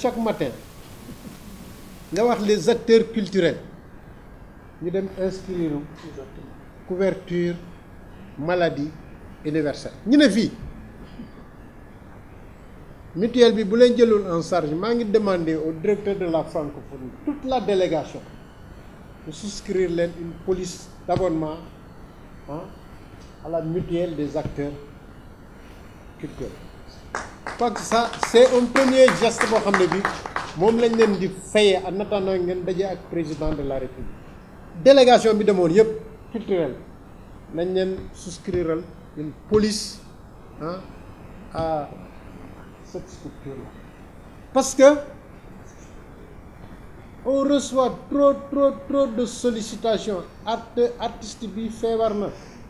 chaque matin les acteurs culturels Nous inscrire couverture maladie universelle ñu ne en charge au directeur de la francophonie toute la délégation de souscrire une police d'abonnement hein, à la mutuelle des acteurs culturels. Donc ça c'est un premier geste boo xam ne bi lañ di un en attendant ngeen daje ak président de la république délégation bi mon yëpp culturelle nañ souscrire une police hein, à cette structure là parce que on reçoit trop trop trop de sollicitations art artiste bi feebar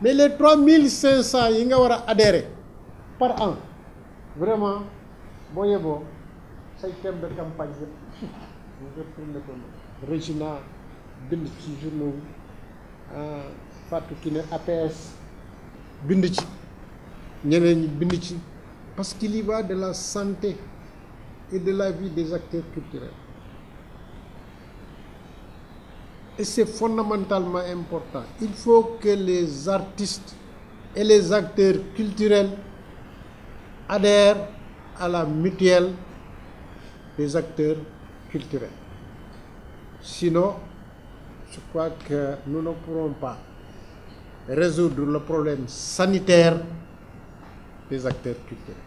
mais les 3500 yi nga adhéré par an vraiment bon, c'est le thème de campagne Je nga tourné ko Régina Regina, euh, Fatou Kine APS Bindichi, ci parce qu'il y va de la santé et de la vie des acteurs culturels et c'est fondamentalement important. Il faut que les artistes et les acteurs culturels adhèrent à la mutuelle des acteurs culturels. Sinon, je crois que nous ne pourrons pas résoudre le problème sanitaire des acteurs culturels.